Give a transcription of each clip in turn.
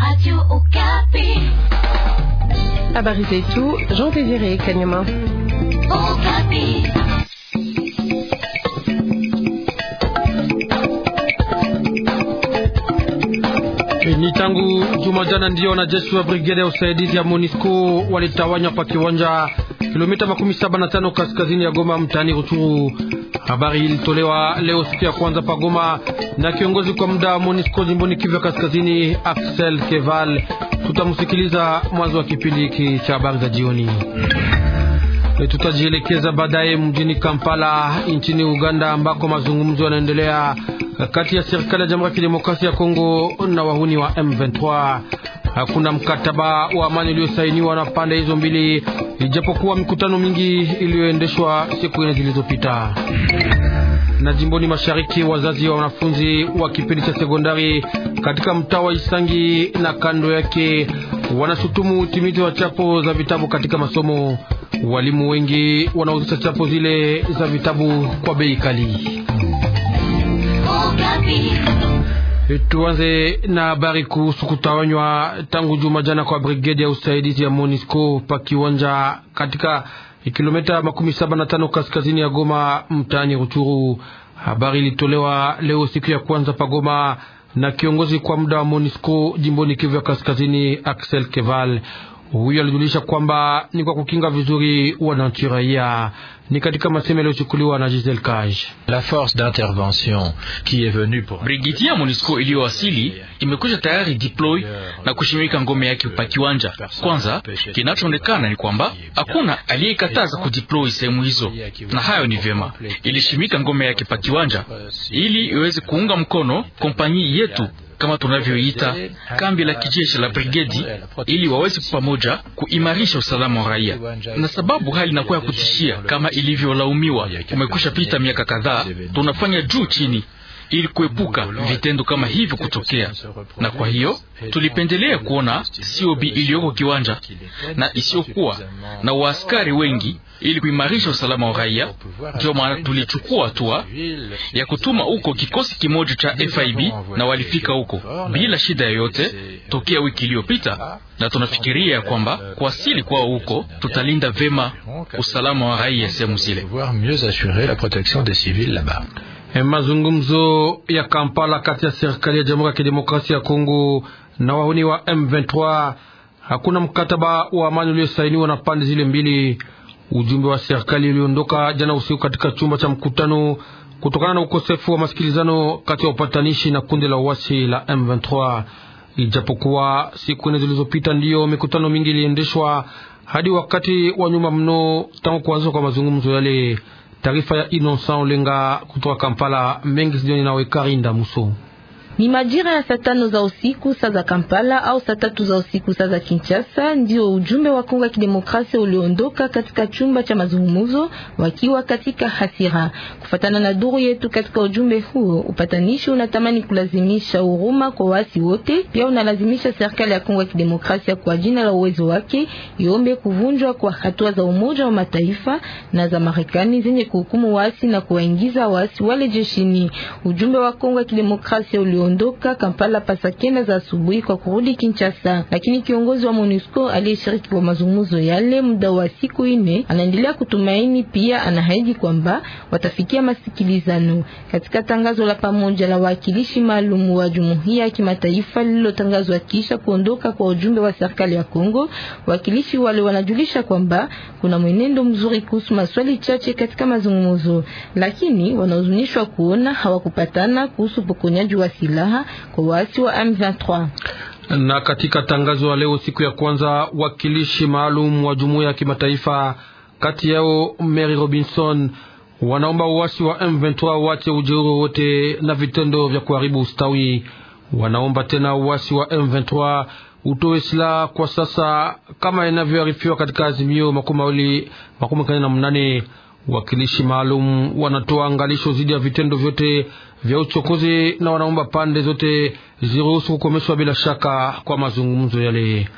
Radio Habari zetu Jean Désiré Kanyama. Eh, ni tangu juma jana ndio wanajeshi wa brigade ya usaidizi ya MONUSCO walitawanywa pa kiwanja kilomita makumi saba na tano kaskazini ya Goma mtaani Ruchuru. Habari ilitolewa leo siku ya kwanza pagoma na kiongozi kwa muda wa MONUSCO jimboni Kivu Kaskazini, Axel Keval. Tutamsikiliza mwanzo wa kipindi hiki cha habari za jioni. E, tutajielekeza baadaye mjini Kampala nchini Uganda, ambako mazungumzo yanaendelea kati ya serikali ya Jamhuri ya Kidemokrasia ya Kongo na wahuni wa M23 hakuna mkataba wa amani uliosainiwa na pande hizo mbili, ijapokuwa mikutano mingi iliyoendeshwa siku nne zilizopita. Na jimboni mashariki, wazazi wa wanafunzi wa kipindi cha sekondari katika mtaa wa Isangi na kando yake wanashutumu utimizi wa chapo za vitabu katika masomo. Walimu wengi wanauzisha chapo zile za vitabu kwa bei kali. Oh, Tuanze na habari kuhusu kutawanywa tangu juma jana kwa brigedi ya usaidizi ya Monisco pa kiwanja katika kilomita makumi saba na tano kaskazini ya Goma mtaani Ruchuru. Habari ilitolewa leo siku ya kwanza pa Goma na kiongozi kwa muda wa Monisco jimboni Kivu ya kaskazini Axel Keval. Huyo alijulisha kwamba ni kwa kukinga vizuri wananchi raia ni katika maseme yaliyochukuliwa na Giselle Kaj. La force d'intervention qui est venue pour Brigitte ya MONUSCO iliyowasili imekuja tayari deploy na kushimika ngome yake pa kiwanja. Kwanza kinachoonekana ni kwamba hakuna aliyekataza kudeploy sehemu hizo, na hayo ni vyema. Ilishimika ngome yake pa kiwanja ili iweze kuunga mkono kompanyi yetu kama tunavyoita kambi la kijeshi la brigedi, ili waweze pamoja kuimarisha usalama wa raia, na sababu hali inakuwa ya kutishia kama ilivyolaumiwa. Kumekwisha pita miaka kadhaa, tunafanya juu chini ili kuepuka vitendo kama hivyo kutokea. Na kwa hiyo tulipendelea kuona COB iliyoko kiwanja na isiyokuwa na waaskari wengi ili kuimarisha usalama wa raia. Ndio maana tulichukua hatua ya kutuma huko kikosi kimoja cha FIB na walifika huko bila shida yoyote tokea wiki iliyopita, na tunafikiria ya kwamba kuasili kwao huko tutalinda vema usalama wa raia sehemu zile. Eh, mazungumzo ya Kampala kati ya serikali ya Jamhuri ya Kidemokrasia ya Kongo na wahuni wa M23, hakuna mkataba wa amani uliosainiwa na pande zile mbili. Ujumbe wa serikali uliondoka jana usiku katika chumba cha mkutano kutokana na ukosefu wa masikilizano kati ya upatanishi na kundi la uasi la M23, ijapokuwa siku nne zilizopita ndiyo mikutano mingi iliendeshwa hadi wakati wa nyuma mno tangu kuanza kwa mazungumzo yale. Taarifa ya Innocent Olenga kutoka Kampala, mengi sijoni nawe Karinda Muso. Ni majira ya saa tano za usiku saa za Kampala au saa tatu za usiku saa za Kinshasa, ndio ujumbe wa Kongo ya Kidemokrasia uliondoka katika chumba cha mazungumzo wakiwa katika hasira. Kufatana na duru yetu katika ujumbe huo, upatanishi unatamani kulazimisha huruma kwa wasi wote, pia unalazimisha serikali ya Kongo ya Kidemokrasia kwa jina la uwezo wake iombe kuvunjwa kwa hatua za Umoja wa Mataifa na za Marekani zenye kuhukumu wasi na kuwaingiza wasi wale jeshini. Ujumbe wa Kongo ya Kidemokrasia ulio kuondoka Kampala pasakena za asubuhi kwa kurudi Kinshasa, lakini kiongozi wa MONUSCO aliyeshiriki kwa mazungumzo yale muda wa siku ine anaendelea kutumaini, pia anahaidi kwamba watafikia masikilizano. Katika tangazo la pamoja la wakilishi maalum wa jumuiya ya kimataifa lililotangazwa kisha kuondoka kwa ujumbe wa serikali ya Kongo, wakilishi wale wanajulisha kwamba kuna mwenendo mzuri kuhusu maswali chache katika mazungumzo, lakini wanahuzunishwa kuona hawakupatana kuhusu pokonyaji wa silaha silaha kwa waasi wa M23. Na katika tangazo la leo siku ya kwanza, wakilishi maalum wa jumuiya ya kimataifa kati yao Mary Robinson wanaomba uasi wa M23 wache ujeuri wote na vitendo vya kuharibu ustawi. Wanaomba tena uasi wa M23 utoe silaha kwa sasa, kama inavyoarifiwa katika azimio makumi mawili makumi manane Wakilishi maalum wanatoa angalisho dhidi ya vitendo vyote vya uchokozi na wanaomba pande zote ziruhusu kukomeshwa bila shaka kwa mazungumzo yale.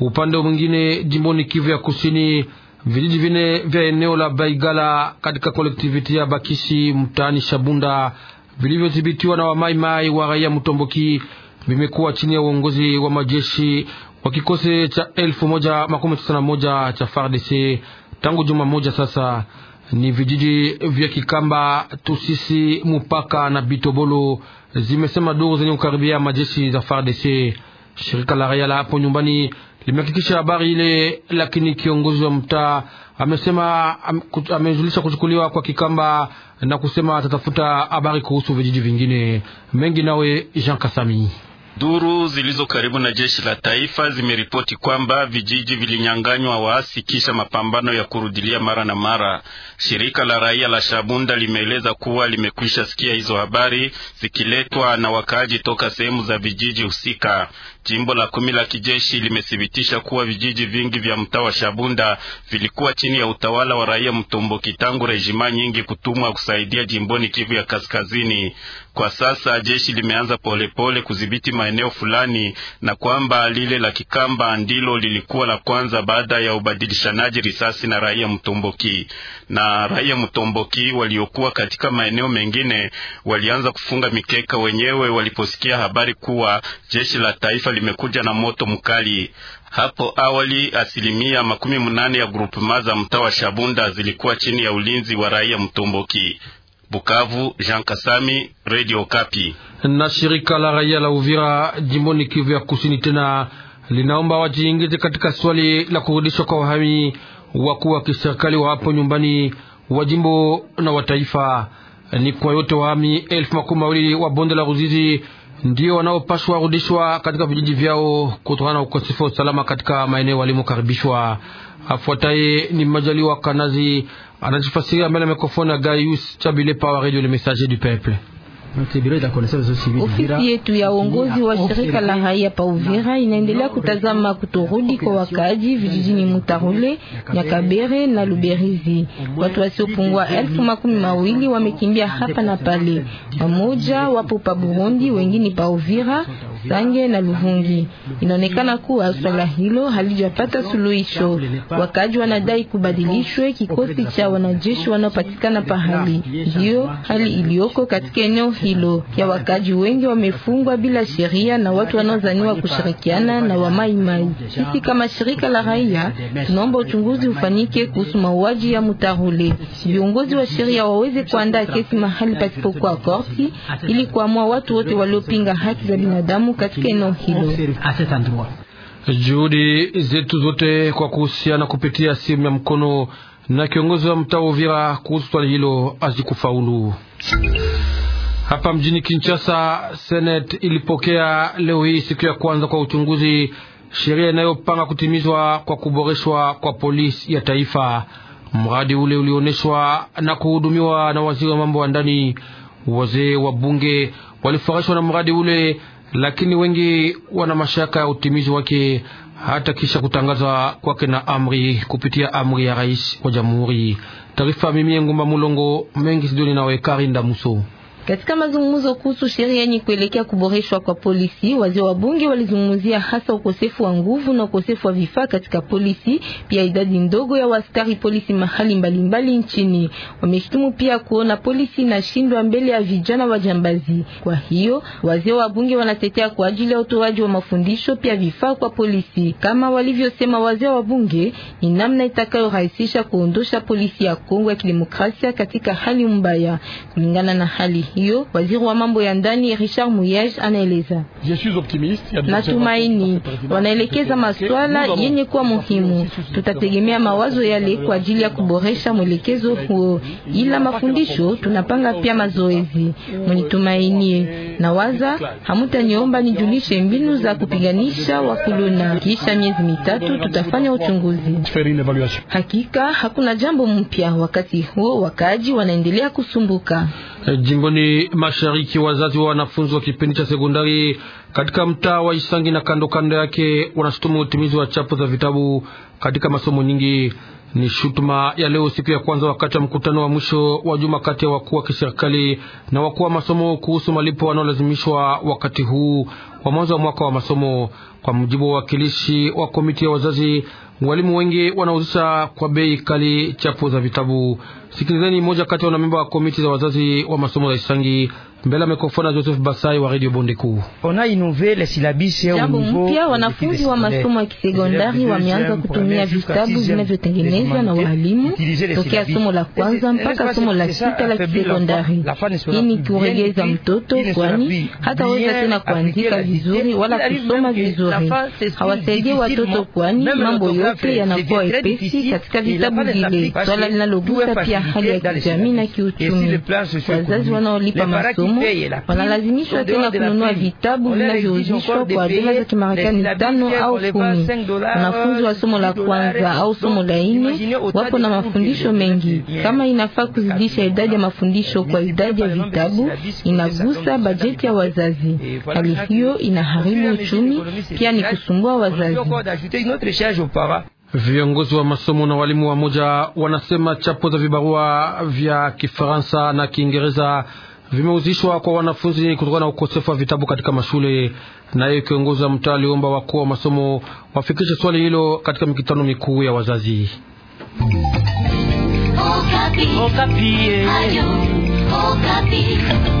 Upande mwingine, jimboni Kivu ya Kusini, vijiji vine vya eneo la Baigala katika kolektiviti ya Bakisi mtaani Shabunda vilivyodhibitiwa na wamaimai wa raia Mtomboki vimekuwa chini ya uongozi wa majeshi wa kikosi cha elfu moja makumi tisa na moja cha FARDC tangu juma moja sasa ni vijiji vya Kikamba, Tusisi, Mupaka na Bitobolo, zimesema duru zenye kukaribia majeshi za FARDC. Shirika la raia la hapo nyumbani limehakikisha habari ile, lakini kiongozi wa mtaa amesema amejulisha kuchukuliwa kwa Kikamba na kusema atatafuta habari kuhusu vijiji vingine mengi. Nawe Jean Kasami Duru zilizo karibu na jeshi la taifa zimeripoti kwamba vijiji vilinyanganywa waasi kisha mapambano ya kurudilia mara na mara. Shirika la raia la Shabunda limeeleza kuwa limekwisha sikia hizo habari zikiletwa na wakaaji toka sehemu za vijiji husika. Jimbo la kumi la kijeshi limethibitisha kuwa vijiji vingi vya mtaa wa Shabunda vilikuwa chini ya utawala wa raia Mtomboki tangu rejima nyingi kutumwa kusaidia jimboni Kivu ya Kaskazini. Kwa sasa jeshi limeanza polepole kudhibiti maeneo fulani, na kwamba lile la Kikamba ndilo lilikuwa la kwanza baada ya ubadilishanaji risasi na raia mtomboki. Na raia mtomboki waliokuwa katika maeneo mengine walianza kufunga mikeka wenyewe waliposikia habari kuwa jeshi la taifa limekuja na moto mkali. Hapo awali asilimia makumi mnane ya grupema za mtaa wa Shabunda zilikuwa chini ya ulinzi wa raia mtomboki. Bukavu, Jean Kasami, Radio Kapi na shirika la raia la Uvira jimboni Kivu ya Kusini tena linaomba wajiingize katika swali la kurudishwa kwa wahami wakuu wa kiserikali wa hapo nyumbani wa jimbo na wa taifa. Ni kwa yote wahami elfu makumi mawili wa bonde la Ruzizi ndio wanaopashwa rudishwa katika vijiji vyao kutokana na ukosefu wa usalama katika maeneo walimokaribishwa. Afuataye ni Majaliwa Kanazi anajifasiria mbele ya mikrofoni ya Gaius Chabilepa wa Radio Le Messager du Peuple. Ofisi yetu ya uongozi wa shirika la raia pa Uvira inaendelea kutazama kutorudi kwa wakaaji vijijini Mutarule, Nyakabere na Luberizi. Watu wasiopungua elfu makumi mawili wamekimbia hapa na pale, wamoja wapo pa Burundi, wengine pa Uvira, Sange na Luhungi. Inaonekana kuwa swala hilo halijapata suluhisho. Wakaji wanadai kubadilishwe kikosi cha wanajeshi wanaopatikana pahali. Ndiyo hali iliyoko katika eneo hilo ya wakaji wengi wamefungwa bila sheria na watu wanaozaniwa kushirikiana na wamaimai. Sisi kama shirika la raia tunaomba uchunguzi ufanyike kuhusu mauaji ya Mutarule. Viongozi wa sheria waweze kuandaa kesi mahali pasipokuwa korti ili kuamua watu wote waliopinga haki za binadamu binadamu katika eneo hilo. Juhudi zetu zote kwa kuhusiana kupitia simu ya mkono na kiongozi wa mtaa Uvira kuhusu swali hilo hazikufaulu. Hapa mjini Kinshasa, Senate ilipokea leo hii siku ya kwanza kwa uchunguzi sheria inayopanga kutimizwa kwa kuboreshwa kwa polisi ya taifa. Mradi ule ulioneshwa na kuhudumiwa na waziri wa mambo wa ndani. Wazee wa bunge walifurahishwa na mradi ule lakini wengi wana mashaka ya utimizi wake hata kisha kutangazwa kwake na amri kupitia amri ya rais wa jamhuri. Taarifa mimi Ngumba Mulongo mengi sidoni nawe Karinda Muso. Katika mazungumzo kuhusu sheria yenye kuelekea kuboreshwa kwa polisi, wazee wa bunge walizungumzia hasa ukosefu wa nguvu na ukosefu wa vifaa katika polisi, pia idadi ndogo ya waskari polisi mahali mbalimbali mbali nchini. Wameshtumu pia kuona polisi inashindwa mbele ya vijana wajambazi. Kwa hiyo wazee wa bunge wanatetea kwa ajili ya utoaji wa mafundisho pia vifaa kwa polisi. Kama walivyosema wazee wa bunge, ni namna itakayorahisisha kuondosha polisi ya Kongo ya Kidemokrasia katika hali mbaya. Kulingana na hali hii hiyo, waziri wa mambo ya ndani Richard Muyej anaeleza, natumaini wanaelekeza maswala yenye kuwa muhimu. Tutategemea mawazo yale kwa ajili ya kuboresha mwelekezo huo, ila mafundisho tunapanga pia mazoezi. Mnitumainie na waza, hamutaniomba nijulishe mbinu za kupiganisha wakuluna Kisha miezi mitatu tutafanya uchunguzi. Hakika hakuna jambo mpya. Wakati huo wakaaji wanaendelea kusumbuka jimboni jimboni mashariki, wazazi wa wanafunzi wa kipindi cha sekondari katika mtaa wa Isangi na kando kando yake wanashutumu utimizi wa chapu za vitabu katika masomo nyingi. Ni shutuma ya leo siku ya kwanza wakati wa mkutano wa mwisho wa juma kati ya wakuu wa kiserikali na wakuu wa masomo kuhusu malipo wanaolazimishwa wakati huu wa mwanzo wa mwaka wa masomo. Kwa mujibu wa wakilishi wa komiti ya wazazi Walimu wengi wanauzisha kwa bei kali chapo za vitabu. Sikilizeni moja kati ya wanamemba wa komiti za wazazi wa masomo za Isangi mbele mikrofoni Joseph Basai wa Radio Bondeku. Jambo mpya, wanafunzi wa masomo ya kisekondari wameanza kutumia vitabu vinavyotengenezwa na walimu tokea somo la kwanza mpaka somo la sita la kisekondari. Hii ni kuregeza mtoto, kwani hataweza tena kuandika vizuri wala kusoma vizuri. Hawasaidie watoto, kwani mambo yote yanakuwa epesi katika vitabu vile, swala linalogusa pia hali ya kijamii na kiuchumi. Wazazi wanaolipa masomo masomo wanalazimishwa tena kununua vitabu vinavyouzishwa kwa dola za Kimarekani tano au kumi. Wanafunzi wa somo la kwanza au somo la nne wapo na mafundisho mengi. Kama inafaa kuzidisha idadi ya mafundisho kwa idadi ya vitabu, inagusa bajeti ya wazazi. Hali hiyo inaharibu uchumi, pia ni kusumbua wazazi. Viongozi wa masomo na walimu wa moja wanasema chapo za vibarua vya Kifaransa na Kiingereza vimeuzishwa kwa wanafunzi kutokana na ukosefu wa vitabu katika mashule. Naye kiongozi wa mtaa aliomba wakuu wa masomo wafikishe swali hilo katika mikutano mikuu ya wazazi. Okapi. Okapi. Eh. Okapi.